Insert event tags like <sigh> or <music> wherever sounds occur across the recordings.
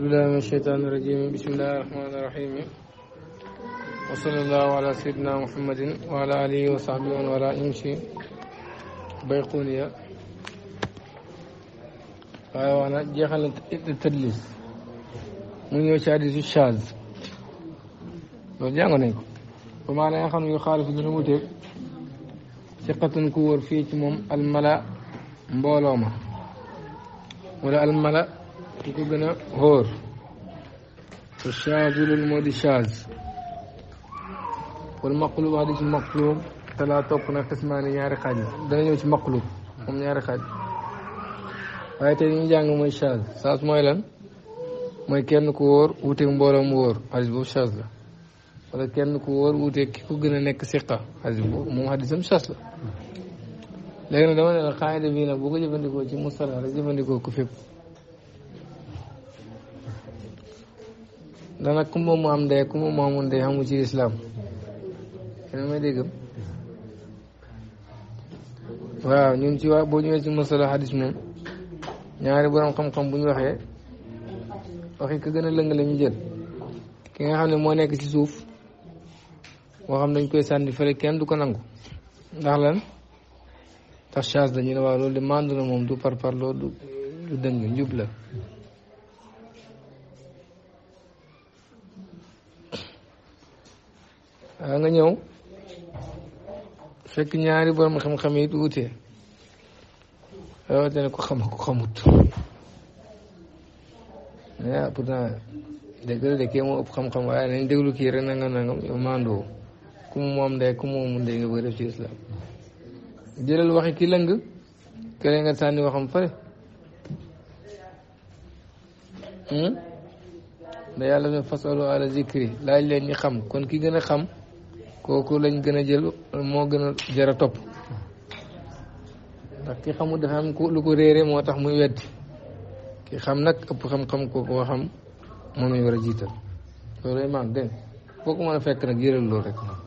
أعوذ بالله من الشيطان الرجيم بسم الله الرحمن الرحيم وصلى الله على سيدنا محمد وعلى آله وصحبه وعلى والاه بيقوني بيقونية آه، وأنا جيخل التدليس من يشاهد الشاذ loolu jàngoon nañ ko ba maanaam nga xam ne yu xaalifu dina wuteeg siqatun ku wër li ko gën a xóor fa chage loolu moo di chage wala maqlub wax di ci maqlub te laa topp na xismaani ñaari xaaj la dana ñëw ci maqlub moom ñaari xaaj waaye tey li ñu jàng mooy chage chage mooy lan mooy kenn ku wóor wuuteeg mbooloo mu wóor xadis boobu chage la wala kenn ku wóor wuuteeg ki ko gën a nekk siqa xadis boobu moom xadisam chage la léegi nag dama ne la xaayida bii nag boo ko jëfandikoo ci mustala rek jëfandikoo ko fépp ndax nag kumba mu am ndey kumba mu amul ndey xamu ci islam yéen may dégg waaw ñun ci waa boo ñëwee ci masala hadis moom ñaari borom xam-xam bu ñu waxee waxi ka gën a lëng la jël ki nga xam ne moo nekk ci suuf moo xam dañ koy sànni fële kenn du ko nangu ndax lan tax chance dañu ne waaw loolu de mandu na moom du par par loolu du dëng njub la a ah, nga ñëw fekk ñaari borom xam-xam yi wuute rawatina ko xam ko xamut ah pourtant dëgg la de kii moo ëpp xam-xam waaye nañ déglu kii rek nangam nangam yow mandoo ku moom ndey ku mu moomul nga bëgg def ci islam ki lëng hmm? laaj leen ñi xam kon ki gën a xam kooku lañ gën a jël moo gën a jara topp ndax ki xamul dafa am ko lu ko réere moo tax muy weddi ki xam nag ëpp xam-xam kooku koo xam moom lañ war a jiital loolu imaam dégg foo ko mën a fekk nag yëral loolu rek waaw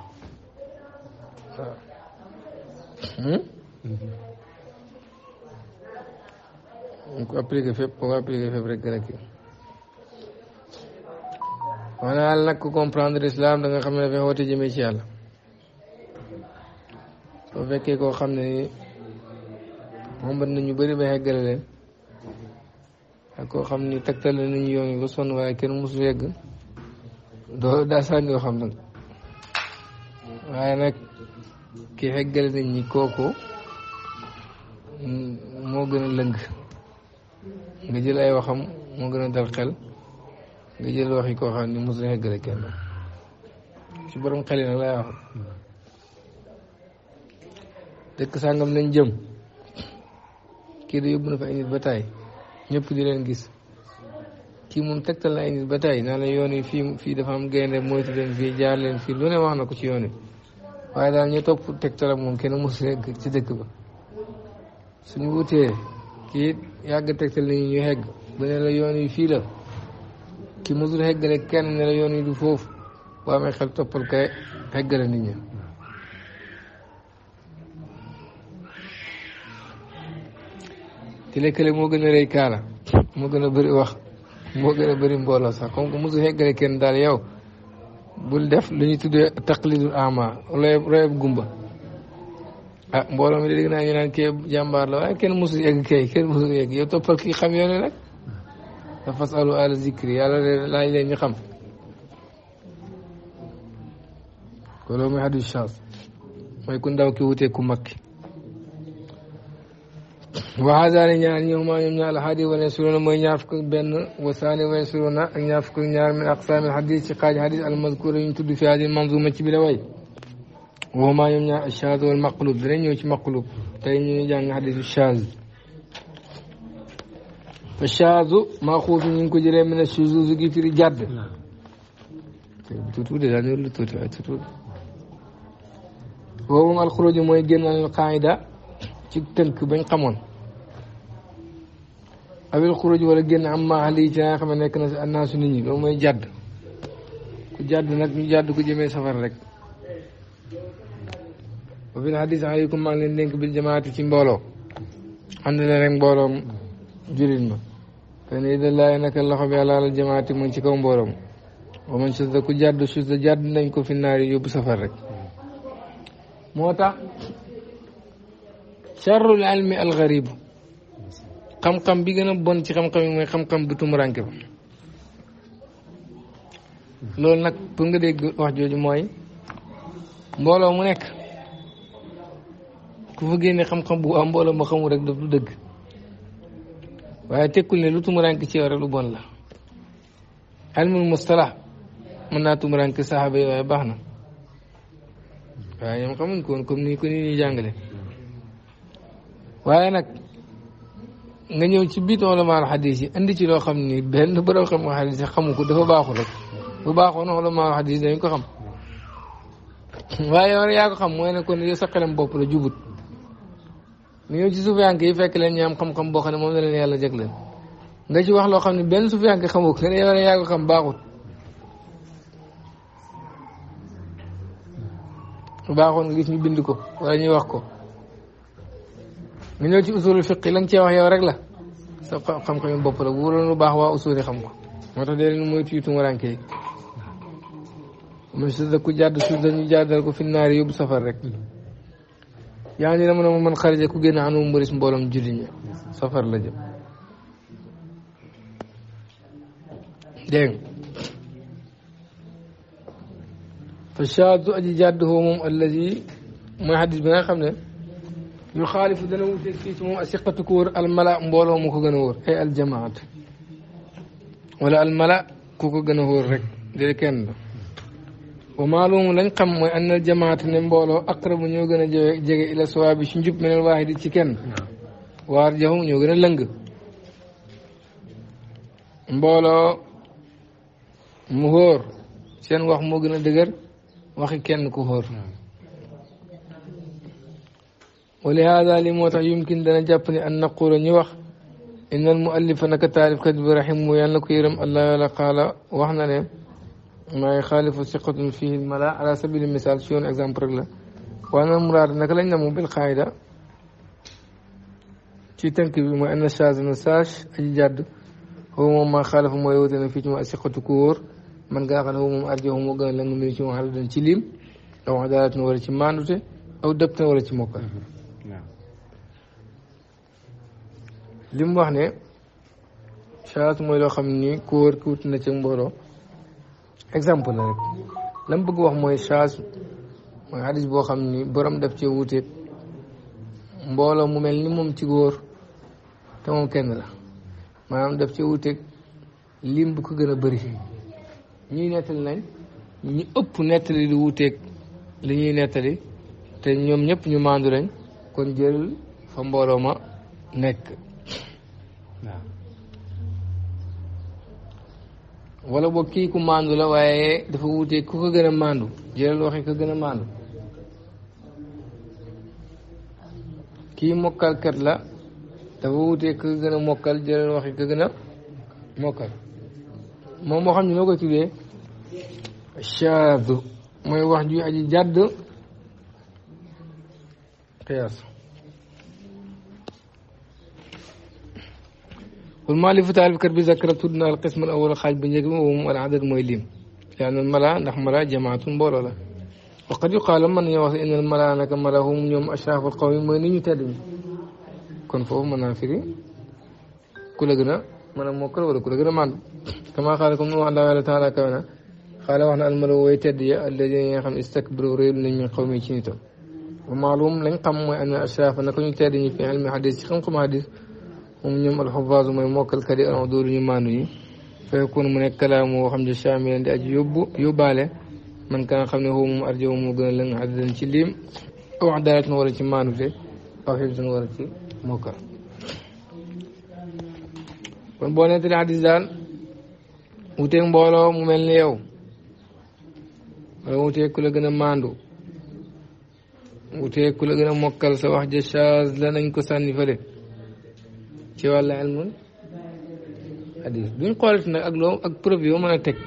ñu hmm? mm-hmm. ko appliqué fépp koo ko appliqué fépp rek gën a kii maanaam nag ku comprendre islam da xam ne dafay woote jëmee ci yàlla soo fekkee koo xam ne ni xombat na ñu bari ba yeggale leen ak koo xam ni tegtal nañu yoon yi ba waaye kenn mosu yegg doo daa sànni yoo xam nag waaye nag ki yeggale nit ñi kooku moo gën a lëng nga jël ay waxam moo gën a dal xel nga jël wax yi koo xam ne mos na gën a kenn ci borom xel yi nag lay wax dëkk sàngam nañ jëm kii da yóbbu na fa ay nit ba taay ñëpp di leen gis kii moom tegtal na ay nit ba taay naa la yoon yi fii fii dafa am gaynde mooy leen fii jaar leen fii lu ne wax na ko ci yoon yi waaye daal ñu topp tegtalam moom kenn mos ci dëkk ba suñu wutee kii yàgg tegtal nañu ñu hegg bu ne la yoon yi fii la ki musul xeggale kenn ne la yoon yi du foofu boo amee xel toppal kay xeggale nit ñi te lekkale moo gën a rëy kaala moo gën a bëri wax moo gën a bëri mbooloo sax comme que musul xeggale kenn daal yow bul def lu ñu tuddee taqlidul ama royeb royeb gumba ah mbooloo mi dégg naa ñu naan kii jàmbaar la waaye kenn musul yegg kay kenn musul yegg yow toppal ki xam yoon rek فاسالوا اهل الذكر يا لا لين نخم كلو ما حد الشاص ما يكون داو كي وته كومك وهذا لنيان يعني يوم يوم نال حديث ونسرون ما يافك بن وساني ونسرون يافك نار من اقسام الحديث قال حديث المذكور ينتد في هذه المنظومه تبي لوي وما يوم الشاذ والمقلوب دري نيو مقلوب تاي ني جان الشاذ fa chaseu ma xuufi ñing ko jëree mene sususe gi firi jarde tutude daanlu tuute waay tutude boo moom alxuroji mooy génnal xaayida ci tënk bañ xamoon abil xuroji wala génn am maahali ci naa xame nekk na si annaasu nit ñi loolu mooy jadd ku jadd nag ñu jadd ku jëmee safar rek wa fil hadis aleykum maa ngi leen dénk bil jamaati ci mbooloo xam ne le rek mbooloom jurin ma فإن إذا لا إنك الله خبي على الجماعة من شكوم بورم ومن شذ كجاد شذ جاد نينكو في النار يوب سفرك موتا شر العلم الغريب قم قم بيجنا بون شكم قم قم قم قم بتو مرانك لول نك بندق واحد جو موي مولو منك كفجيني خم خم بو أمبولو مخمو رك دب دب waaye tekkul ne lu tumuranke ci yow lu bon la almul mustalah mën naa tumuranke saxaaba waaye baax na waaye ñoom xamuñ ko woon comme nag nga ñëw ci biir ulamaa xadis yi andi ci loo xam ni benn borom xam nga xamu ko dafa baaxul lu bu baaxoon ulamaa xadis yi dañ ko xam waaye yow yaa ko xam mooy ne kon yow sa xelam jubut nga ñëw ci sufiyanke yi fekk leen ñu am xam-xam boo xam ne moom la leen yàlla jagleel nga ci wax loo xam ne benn sufiyanke xamoo ko ne yow yaa ko xam baaxut baaxoon nga gis ñu bind ko wala ñuy wax ko nga ñëw ci usulul fiq la wax yow rek la sa xam-xam bopp la baax waa usul xam ko moo tax dee leen mooy tuuti tumuranke yi man su ku jàdd suuf jàddal ko fi naari yóbbu safar rek يعني لما من خارج كوجين عنو مريس بولم جرينيا سفر لجيم فشاد أجي جاد هو الذي ما حد بنا خمنا يخالف دنو تكتيت مو أسيقة كور الملا مبولو مكو هي أي الجماعة ولا الملا كوكو جنور ديكين دي wa maalum lañ xam mooy àndal jamaata ne mbooloo aqrabu ñoo gën a jege ila sawaab bi ci njub meneen waahidi ci kenn waar jaxum ñoo gën a lang mbooloo mu hóor seen wax moo gën a dëgër waxi kenn ku hóor hmm. wa lihaada li moo tax yumkin dana jàpp ne an naqula wax innal na ko yërëm allah yàlla qaala wax na ne ما يخالف ثقة فيه الملا على سبيل المثال شون اكزامبل لا وانا مرار نقل ان مو بالقاعدة تي تنك بما ان الشاذ نساش الجد هو ما خالف ما يوتن في جمع ثقة كور من قاقن هو مم ارجو هم وقال لن نمي شون حالد نتليم او عدالت نوري شمان او دبت نوري شموكا نعم. لم وحنا شاذ مو يلو خمني كور كوتنا تنبورو exemple la rek la mu bëgg wax mooy change mooy hadis boo xam ni boroom daf cee wuute mbooloo mu mel ni moom ci góor te moom kenn la maanaam daf cee wuuteeg lim bu ko gën a bëri ñuy nettali nañ ñu ëpp nettali lu wuuteeg li ñuy nettali te ñoom ñëpp ñu maandu lañ kon jël fa mbooloo ma nekk wala boog kii ku maandu la waaye dafa wuute ku ko gën a maandu jëlal waxi ko gën a maandu kii mokkalkat la dafa wuute ku ko gën a mokkal jëlal waxi ko gën a mokkal moom moo xam ne loo koy tuddee shaadu mooy wax ju aji jàdd qiyaas كل ما لفت على الفكر بذكرت ودنا القسم الاول خارج بن يجمع العدد مويلين لان الملا نحمرا جماعه بورولا وقد يقال من يوصي ان الملا كما لهم يوم اشراف القوم من يتدم كن فهم منافري كل جنا من موكل ولا كل جنا من كما خالكم الله تعالى كما قال وانا الملا ويتدي الذين يخم استكبروا ريب من قومي كنتم ومعلوم لن قم ان اشراف نكون يتدم في علم حديث خم حديث moom ñoom alxafaasu mooy mokkalkat yi al dóoru ñu maandu ñi fekkoon mu nekk kalaamu woo xam ne chaamilan di aji yóbbu yóbbaale man ka xam ne xoo moom arjow gën a ci liim wax dara na war a ci maandute aw xib dina war ci mokkal kon boo nettali xadis daal wuteeg mbooloo mu mel ni yow wala wuteeg ku la gën a maandu wuteeg ku la gën a mokkal sa wax ja chaz la nañ ko sànni ci wàllu ilmul hadis duñ xoolati nag ak loo ak preuve yoo mën a teg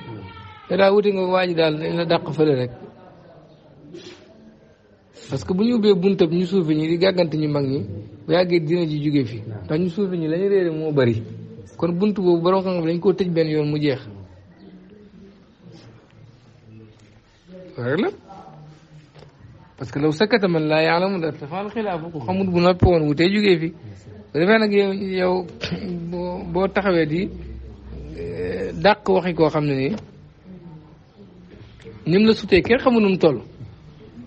te daa wuti nga waa daal dañ la dàq fële rek parce que bu ñu ubbee buntab ñu suufi ñi di gàggante ñu mag ñi bu yàggee dina ji jóge fi ndax ñu suufi ñi lañu réere moo bari kon bunt boobu borom xam-xam dañ koo tëj benn yoon mu jeex rek la parce que law sakata man laa yaalamu da tafaal xilaafu ko xamut bu noppi woon wutee jógee fi bu nag yow yow boo taxawee di eh, dàq waxi koo xam ne nii ñim la sutee kenn xamu nu mu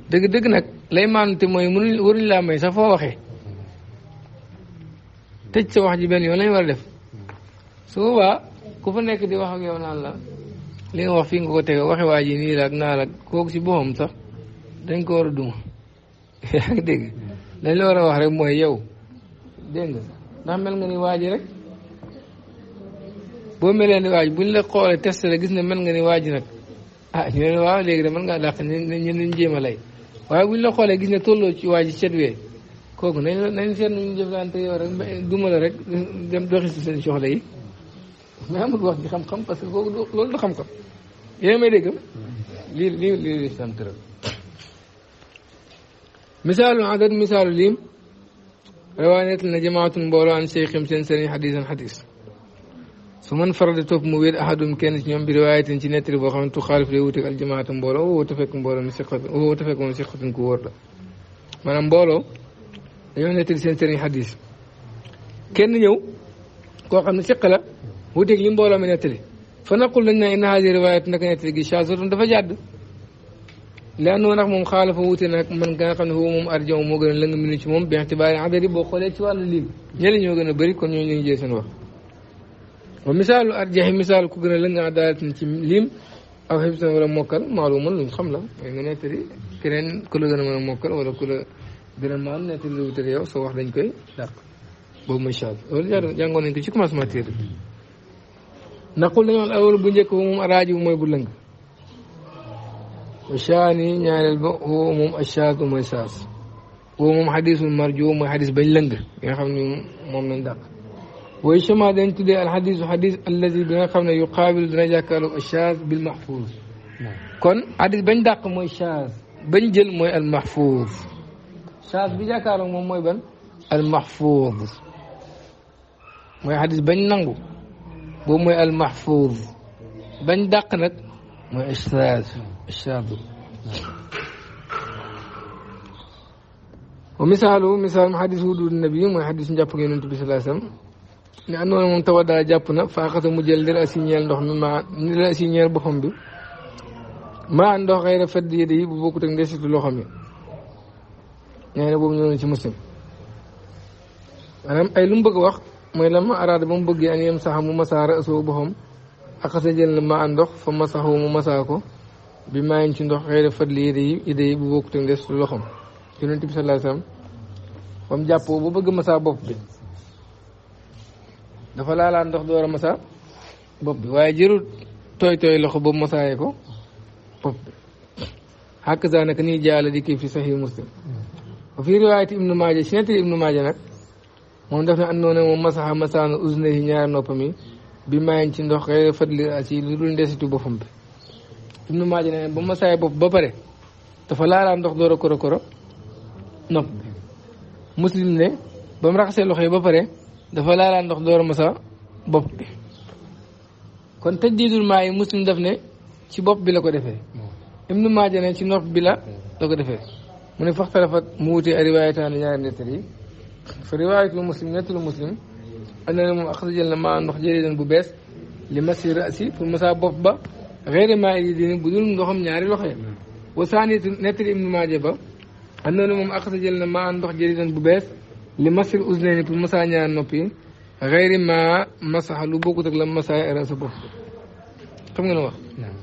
dëgg dëgg nag lay maanute mooy mënuñ waruñu laa may sax foo waxee tëj sa wax ji benn yoon lañ war a def su boobaa ku fa nekk di wax ak yow naan la li nga wax fi nga ko tege waxe waa ji nii la ak naa la kooku si boppam sax dañ ko war a duma <laughs> yaa la war a wax rek mooy yow dégg nga ndax mel nga ni waa ji rek boo melee ni waa ji buñ la xoolee testé la gis ne mel nga ni waaj ji nag ah ñu ne waaw léegi de mën ngaa dàq ñu ñu jéem a lay waaye buñ la xoolee gis ne tolloo ci waa ji cet wee kooku nañ la nañ seet ñu jëflante yow rek duma la rek dem doxi si seen soxla yi mais amul wax ji xam-xam parce que kooku loolu du xam-xam yéen may dégg misaalu adad misaalu liim روايات جماعة بولو عن شيخ مسن سني حديثا حديث سمن فرد توب مويل أحد كان يوم برواية تنتينات ربما تخالف لوتك الجماعة بولو وتفك بولو مسيخة وتفك مسيخة كورد من بولو يوم نتل سن سني حديث كان يو كوكا مسيخة وتك يوم بولو من نتل فنقول لنا إن هذه الرواية نتل شاذة دفا جاد leannoo ndax moom xaalafa wuute nag man ga nga xam ne foofu moom arjaw moo gën a lëng minu ci moom bi ixtibaari adadi boo xoolee ci wàllu lim ñële ñoo gën a bëri kon ñooñu la ñu jël seen wax wa misaalu arjaxi misaal ku gën a lëng adalatin ci lim aw xib san wala mokkal maaluman luñ xam la mooy nga nettali keneen ku la gën a mën a mokkal wala ku la gën a maam nettali lu wutale yow soo wax dañ koy dàq boobu mooy saal loolu jar jàngoon nañ ko ci commencement téere naqul dañoon awal bu njëkk moom araji bu mooy bu lëng وشاني نيان البق هو مم أشاك ومساس هو مم حديث من مرجو مم حديث بين لنجا يعني خمنا مم من داك ويش ما دين تدي الحديث حديث الذي بين خمنا يقابل درجة كارو أشاك بالمحفوظ نعم. كن حديث بين داك مم أشاك بين جل مم المحفوظ شاك بيجا كارو مم مم بن المحفوظ مم حديث بين نعو بومي المحفوظ بين داك نت mooy istraatu istraatu wa jàpp na faaxata mu jël ndira ay lu mu bëgg wax mooy la ma araada ba mu bëggee an yem saxa mu masaara asoo boppam axasa jël na ma ndox fa masaxu mu masaa ko bi maa ngi ci ndox xëy na fadli yére yi idée yi bu bokkut ak des loxom yonent bi sallallahu alayhi wasallam ba mu jàppoo ba bëgg masaa bopp bi dafa laalaat ndox door a masaa bopp bi waaye jërul loxo boobu masaayee ko bopp bi xàkk saa nag nii jaala di kii fi saxiix muslim ba fii riwaayati ibnu maaja si nettali ibnu maaja nag moom daf ne andoona moom masaxa masaanu usne yi ñaari noppam yi bi maayin ci ndox xëy fadli asi lu dul ndesitu boppam bi Ibnu Maaja ne ba ma saay bopp ba pare dafa laalaa ndox door a koro koro nopp muslim ne ba mu raxasee loxo yi ba pare dafa laalaa ndox door a masa bopp bi kon tajdiidul maa yi muslim daf ne ci bopp bi la ko defee nu Maaja ne ci nopp bi la la ko defee mu ne faxtalafat mu wutee a riwaayataan ñaari nettal yi fa riwaayatul muslim nettalu muslim انا اخذ جل ما نخجر اذا ببس راسي في المساء بفبا غير ما يدين بدون نخم نياري لخي وثانية نتر ابن ماجبا انا نمم اخذ جل ما نخجر اذا ببس لمس في المساء نيار نوبي غير ما مسح لبوك تقلم مساء راس بفبا كم نوا نعم.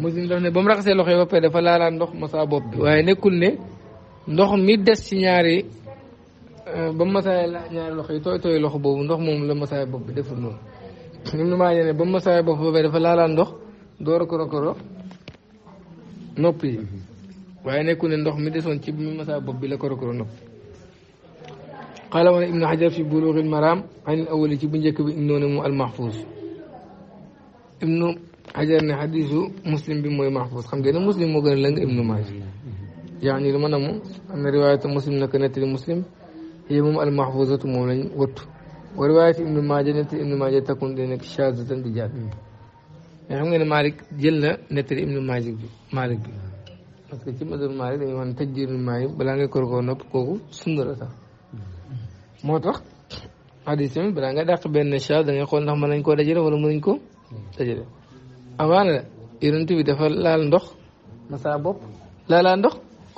مزين دفن بمرق سيلوخي وفيدة فلا لا نخ مساء بفبا وهي نكل نخ ميدس سيناري Euh, ba mu masaayee ñaari loxo yi tooy tooy loxo boobu ndox moom la masaayee bopp bi deful noonu ñun ñu maa ne ba mu masaayee bopp a koro koro nekku ne ndox mi desoon ci mi masaayee bi la koro koro nopp xaala njëkk bi indoo ne mu muslim bi mooy ne muslim moo ma muslim هي موم المحفوظة موم لن وط ورواية ابن ماجه نت ابن ماجه تكون دينك شاذة دي جاب يعني xam nga ne jël na nettali ibnu Maalik bi Maalik bi parce que ci mazhab Maalik dañuy ko ne tëj nopp kooku sunna moo tax hadis tamit balaa benn shaaz da xool ndax mën nañ koo dajale wala mënuñ ko dajale amaana la yonent bi dafa laal ndox masaa bopp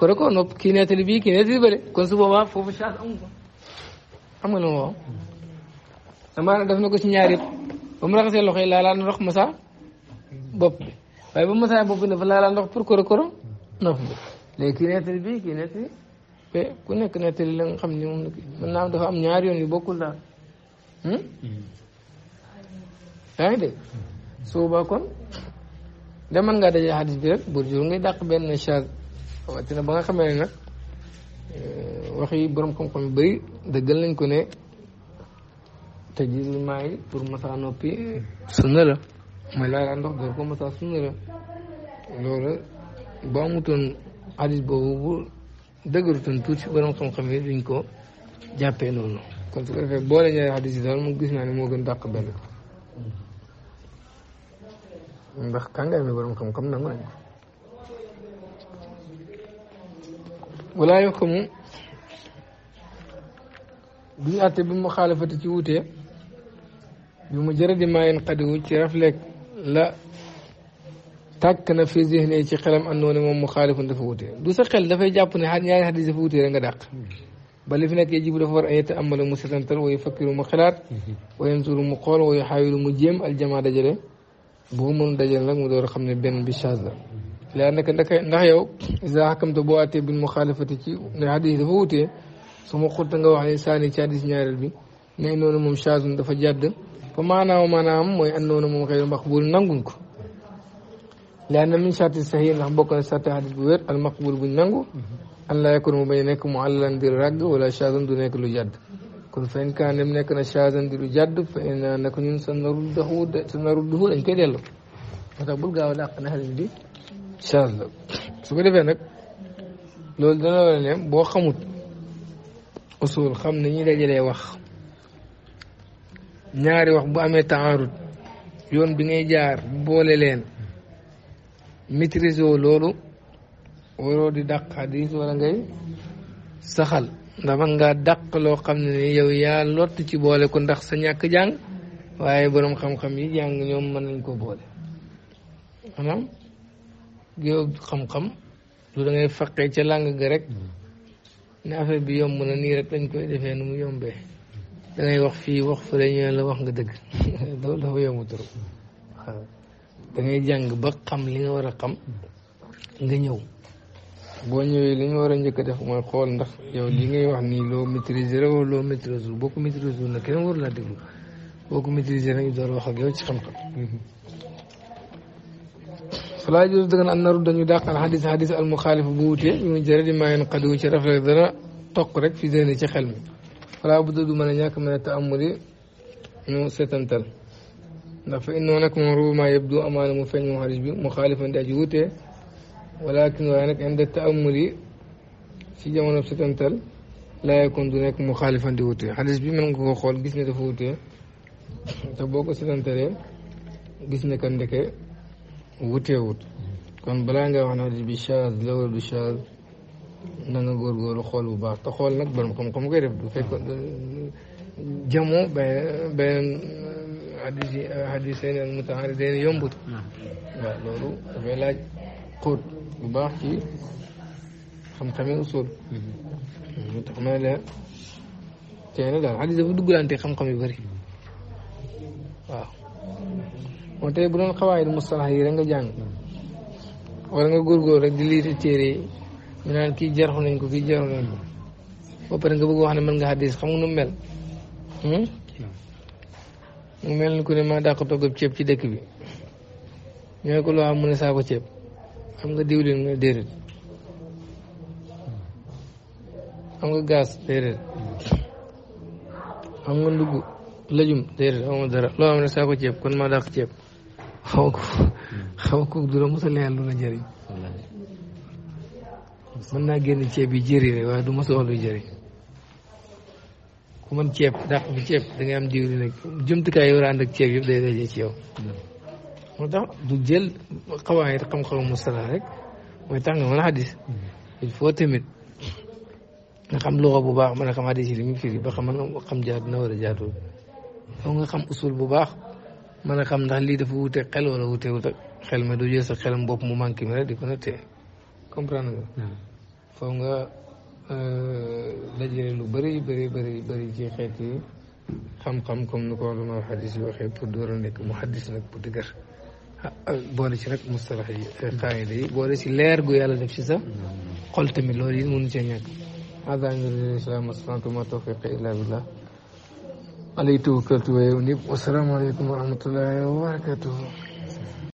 kon su foofu shaaz amu am na lu ma wax na ko ci ñaar yëpp ba mu raxasee loxo yi laalaa ndox masa bopp bi waaye ba masa bopp bi dafa laalaa ndox pour koro nopp bi léegi kii bi kii nettali te eh, ku nekk nettali la xam ne moom la kii naa am dafa am ñaari yoon yu bokkul daal hmm? yaa ngi dégg suuba kon de mën ngaa dajee xadis bi rek bur jur ngay dàq benn chage rawatina ba nga xamee ne nag eh, waxi borom xam-xam yu bëri dëggal nañ ko ne te gis ni pour masaa noppi sunna la mooy laa ndox door ko masaa sunna la loolu boo amutoon xadis boobu bu dëggarutoon tuuti borom xam-xam yi duñ ko jàppee noonu kon su ko defee boole ñaari xadis yi daal moom gis naa ne moo gën daq benn ndax kàngaay mi borom xam-xam nangu nañ ko walaay xamu duñu àtte bi mu xaalafati ci wuute bi mu jërëdi maayen xadiwu ci rafleeg la tàkk na fi zihne ci xelam àndoo ne moom mu xaalifun dafa wuute du sa xel dafay jàpp ne xaar ñaari xadis dafa wuute nga dàq ba li fi nekk yajibu dafa war a yetta amala mu setantal wa yufakkiru mu xalaat wa yanzuru mu xool wa yuxaawilu mu jéem aljamaa dajale boo mënu dajale nag mu door a xam ne benn bi chage la laa naka ndax yow isa xakamte boo bil mu ci ne dafa wuute suma xutta nga wax ne saani ci hadis ñaareel bi ne noonu moom chazun dafa jàdd fa maanaam maanaam mooy an noonu moom xëy maqbul nanguñ ko laanna min charti sahih ndax bokk na sarti hadis bu wér al maqbul buñ nangu mhm. an laa yakun mu bañ nekk mu àllan di ràgg wala chazun du nekk lu jàdd kon fen kanem nekk na chazun di lu jàdd fa na nako ñun sa narul daxu sa narul duxu dañ koy dellu moo tax bul gaaw dàq na hadis bi chaz la su ko defee nag loolu dana la ne boo xamut usul xam ni ñuy dajalee wax ñaari wax bu amee taarud yoon bi ngay jaar boole leen maîtriser loolu waroo di dàq xadis wala ngay saxal ndax man ngaa dàq loo xam ne ni yow yaa lott ci boole ko ndax sa ñàkk jàng waaye boroom xam-xam yi jàng ñoom mën nañ ko boole maanaam yow xam-xam lu da ngay faqee ca làng ga rek ne affaire bi yomb na nii rek dañ koy defee nu mu yombee dangay wax fii wax fële ñu la wax nga dëgg <laughs> loolu dafa yomb trop dangay jàng ba xam li nga war a xam nga ñëw boo ñëwee li nga war a njëkk def mooy xool ndax yow li ngay wax nii loo maîtriser la wala loo maîtriser boo ko maîtriser nag kenn waru laa déglu boo ko maîtriser nag door wax ak yow ci xam-xam فلا يجوز دغن ان نرد ني داخل حديث حديث المخالف بوتي ني جري ما ينقدو شي رفل دنا توك رك في ذهني شي خلم فلا بد دو من ياك من التامل نو ستنتل دا نعم، فانه انك مرو ما يبدو امان مفن مخالف مخالفا داجوته ولكن وانك عند التامل في جمله ستنتل لا يكون دونك مخالفا دوتي حديث بي من كو خول غيسني دا فوتي تا بوكو ستنتل غيسني كان دكه wutee wut kon balaa nga wax ne hadis bi shaaz la wala du shaaz na nga góorgóorlu xool bu baax te xool nag borom xam-xam koy def du fekk jamoo beneen beneen hadis yi hadis yi al mutaaridayn yombut waaw loolu dafay laaj xóot bu baax ci xam-xame usul mu tax ma la tee na daal hadis dafa duggalante xam-xam yu bëri moo tey bu doon xawaayit mustalax yi rek nga jàng wala nga góorgóor rek di liite téere yi ñu naan kii jarxu nañ ko kii jarxu nañ ko ba pare nga bëgg wax ne mën nga xadis xam nga nu mel hmm? mu ku ne maa dàq toggab ceeb ci dëkk bi ñu loo am mu saako ceeb am nga diwlin nga déedéet am nga gaz déedéet am nga ndugg dara loo am ne saako ceeb kon maa dàq ceeb xaw ko xaw ko du la a leer mën naa génn ceeb yi jëriñ rek waaye du mos a wax lu ku mën ceeb dàq bi ceeb da ngay am diwlin rek jumtukaay yi war a ànd ak ceeb yëpp day daje ci moo tax du jël xawaay it xam-xamu rek mooy tax nga mën a xadis il tamit nga xam loxo bu baax mën a xam xadis yi li mu firi ba xam xam jaadu na war a jaadu foo nga xam usul bu baax. mën xam ndax lii dafa wute xel wala wute wute xel mais doo jël sa xel bopp mu manqué mi di ko nattee comprendre nga. foog nga euh, dajale lu bari bëri bëri bëri ci xeet yi xam-xam comme ni ko ulama xadis yi waxee pour door mu xadis nag bu dëgër ah, boole ci nag mustalax yi xaayida euh, ci leer gu yàlla def ci sa xol tamit loolu yi mënu cee ñàkk. hada ngir islam asalaatu ma tawfiq illa billah عليه توكلت وإليه أنيب والسلام عليكم ورحمة الله وبركاته